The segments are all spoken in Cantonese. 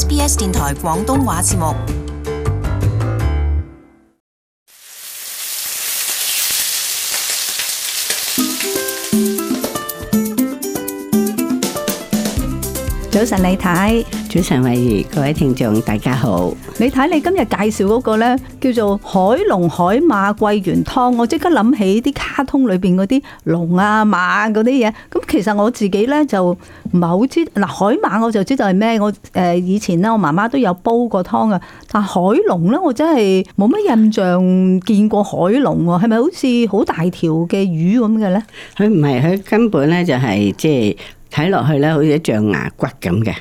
SBS 電台廣東話節目，早晨，你睇。主持人，各位聽眾，大家好。你睇你今日介紹嗰個呢，叫做海龍海馬桂圓湯，我即刻諗起啲卡通裏邊嗰啲龍啊馬嗰啲嘢。咁其實我自己呢，就唔係好知嗱海馬，我就知道係咩。我誒以前呢，我媽媽都有煲過湯啊。但海龍呢，我真係冇乜印象見過海龍。係咪好似好大條嘅魚咁嘅呢？佢唔係，佢根本呢、就是，就係即係睇落去呢，好似一象牙骨咁嘅。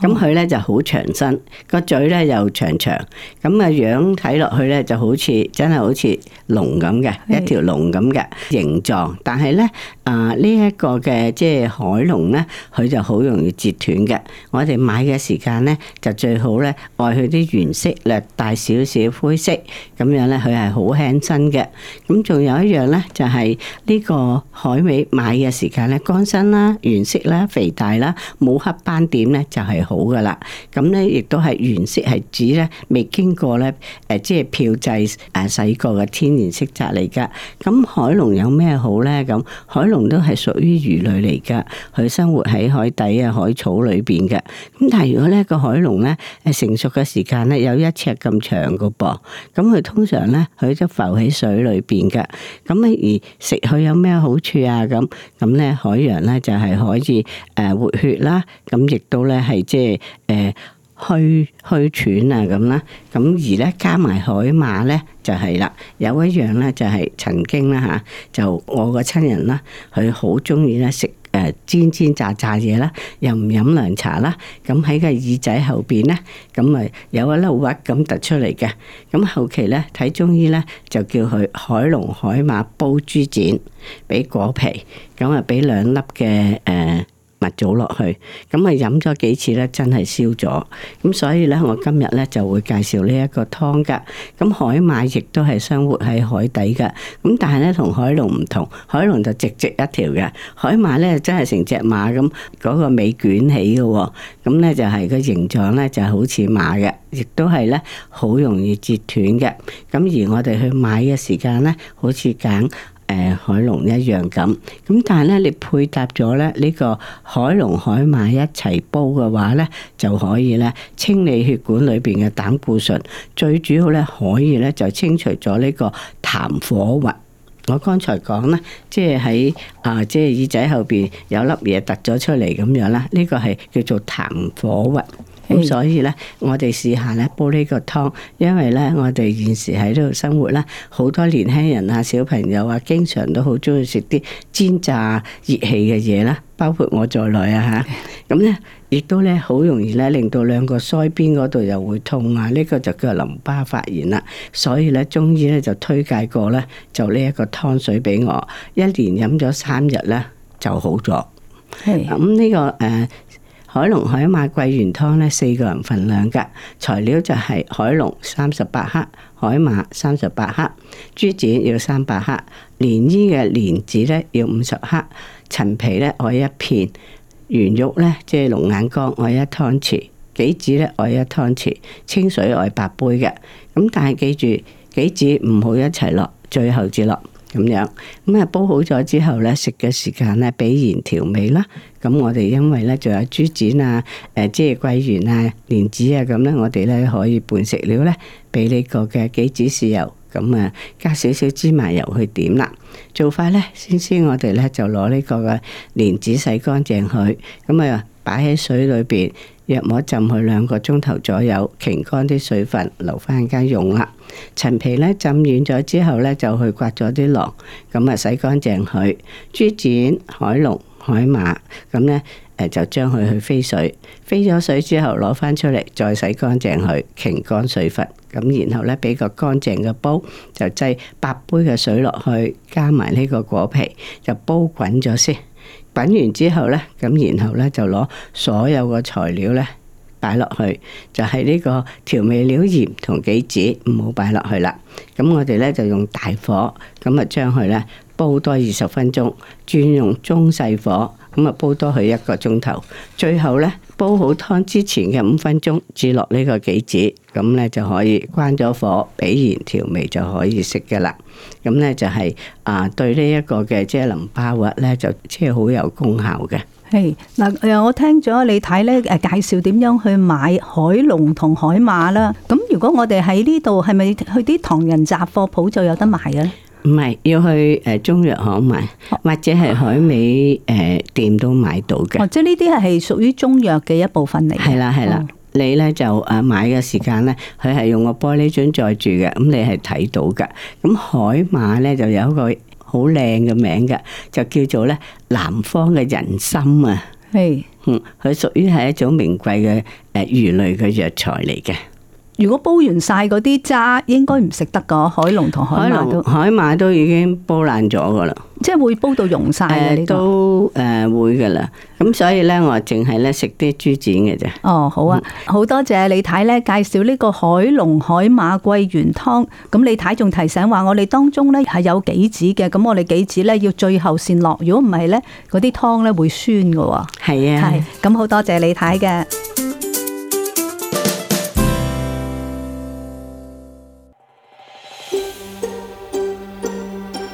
咁佢咧就好長身，個嘴咧又長長，咁嘅樣睇落去咧就好似真係好似龍咁嘅，的一條龍咁嘅形狀。但係咧，啊、呃這個、呢一個嘅即係海龍咧，佢就好容易折斷嘅。我哋買嘅時間咧就最好咧愛佢啲原色略帶少少灰色，咁樣咧佢係好輕身嘅。咁仲有一樣咧就係、是、呢個海味買嘅時間咧，乾身啦、原色啦、肥大啦、冇黑斑點咧就。係好噶啦，咁咧亦都係原色，係指咧未經過咧誒，即係漂製誒細個嘅天然色澤嚟噶。咁海龍有咩好咧？咁海龍都係屬於魚類嚟噶，佢生活喺海底啊海草裏邊嘅。咁但係如果咧個海龍咧成熟嘅時間咧有一尺咁長嘅噃，咁佢通常咧佢都浮喺水裏邊嘅。咁咧而食佢有咩好處啊？咁咁咧海洋咧就係可以誒活血啦，咁亦都咧。係即係誒虛虛喘，啊咁啦，咁而咧加埋海馬咧就係、是、啦，有一樣咧就係、是、曾經啦吓、啊，就我個親人啦，佢好中意咧食誒煎煎炸炸嘢啦，又唔飲涼茶啦，咁喺個耳仔後邊咧，咁、啊、咪有一粒核咁突出嚟嘅，咁、啊、後期咧睇中醫咧就叫佢海龍海馬煲豬展，俾果皮，咁啊俾兩粒嘅誒。蜜棗落去，咁啊飲咗幾次咧，真係消咗。咁所以咧，我今日咧就會介紹呢一個湯㗎。咁海馬亦都係生活喺海底嘅。咁但係咧，同海龍唔同，海龍就直直一條嘅，海馬咧真係成隻馬咁，嗰、那個尾捲起嘅、哦。咁咧就係、是、個形狀咧就係好似馬嘅，亦都係咧好容易折斷嘅。咁而我哋去買嘅時間咧，好似揀。誒海龍一樣咁，咁但係咧，你配搭咗咧呢個海龍海馬一齊煲嘅話咧，就可以咧清理血管裏邊嘅膽固醇，最主要咧可以咧就清除咗呢個痰火鬱。我剛才講啦，即係喺啊，即係耳仔後邊有粒嘢突咗出嚟咁樣啦，呢、這個係叫做痰火鬱。咁、嗯、所以咧，我哋試下咧煲呢個湯，因為咧我哋現時喺度生活咧，好多年輕人啊、小朋友啊，經常都好中意食啲煎炸熱氣嘅嘢啦，包括我在內啊吓。咁咧亦都咧好容易咧令到兩個腮邊嗰度又會痛啊，呢、呢個就叫做淋巴發炎啦。所以咧中醫咧就推介過咧就呢一個湯水俾我，一連飲咗三日咧就好咗。咁呢個誒。呃海龍、海馬、桂圓湯咧，四個人份量嘅。材料就係海龍三十八克、海馬三十八克、豬展要三百克、蓮衣嘅蓮子咧要五十克、陳皮咧我一片、圓肉咧即係龍眼乾我一湯匙、杞子咧我一湯匙、清水我八杯嘅咁，但係記住杞子唔好一齊落，最後至落。咁樣，咁啊煲好咗之後咧，食嘅時間咧，俾鹽調味啦。咁我哋因為咧，仲有豬展啊、誒即係桂圓啊、蓮子啊咁咧，我哋咧可以拌食料咧，俾呢個嘅杞子豉油，咁啊加少少芝麻油去點啦。做法咧，先先我哋咧就攞呢個嘅蓮子洗乾淨佢，咁啊擺喺水裏邊。約莫浸佢兩個鐘頭左右，擎乾啲水分留翻家用啦。陳皮咧浸軟咗之後咧，就去刮咗啲囊，咁啊洗乾淨佢。豬展、海龍、海馬，咁咧誒就將佢去飛水，飛咗水之後攞翻出嚟，再洗乾淨佢，擎乾水分，咁然後咧俾個乾淨嘅煲，就擠八杯嘅水落去，加埋呢個果皮，就煲滾咗先。滾完之後咧，咁然後咧就攞所有嘅材料咧擺落去，就係呢個調味料鹽同杞子唔好擺落去啦。咁我哋咧就用大火，咁啊將佢咧煲多二十分鐘，轉用中細火。咁啊，煲多佢一個鐘頭，最後咧煲好湯之前嘅五分鐘，至落呢個杞子，咁呢就可以關咗火，俾鹽調味就可以食嘅啦。咁呢就係啊，對呢一個嘅即係淋巴核咧，就即係好有功效嘅。係嗱，誒我聽咗你睇呢介紹點樣去買海龍同海馬啦。咁如果我哋喺呢度，係咪去啲唐人雜貨鋪就有得賣啊？唔係，要去誒中藥行買，或者係海味誒店都買到嘅。哦，即係呢啲係屬於中藥嘅一部分嚟。係啦，係啦。嗯、你咧就誒買嘅時間咧，佢係用個玻璃樽載住嘅，咁你係睇到㗎。咁海馬咧就有一個好靚嘅名嘅，就叫做咧南方嘅人參啊。係是，嗯，佢屬於係一種名貴嘅誒魚類嘅藥材嚟嘅。如果煲完晒嗰啲渣應該，應該唔食得噶？海龍同海馬都海馬都已經煲爛咗噶啦，即係會煲到溶晒，都誒會噶啦，咁所以呢，我淨係咧食啲豬展嘅啫。哦，好啊，好、嗯、多謝李太呢介紹呢個海龍海馬桂圓湯，咁李太仲提醒話我哋當中呢係有杞子嘅，咁我哋杞子呢要最後先落，如果唔係呢，嗰啲湯呢會酸噶。係啊，係咁好多謝李太嘅。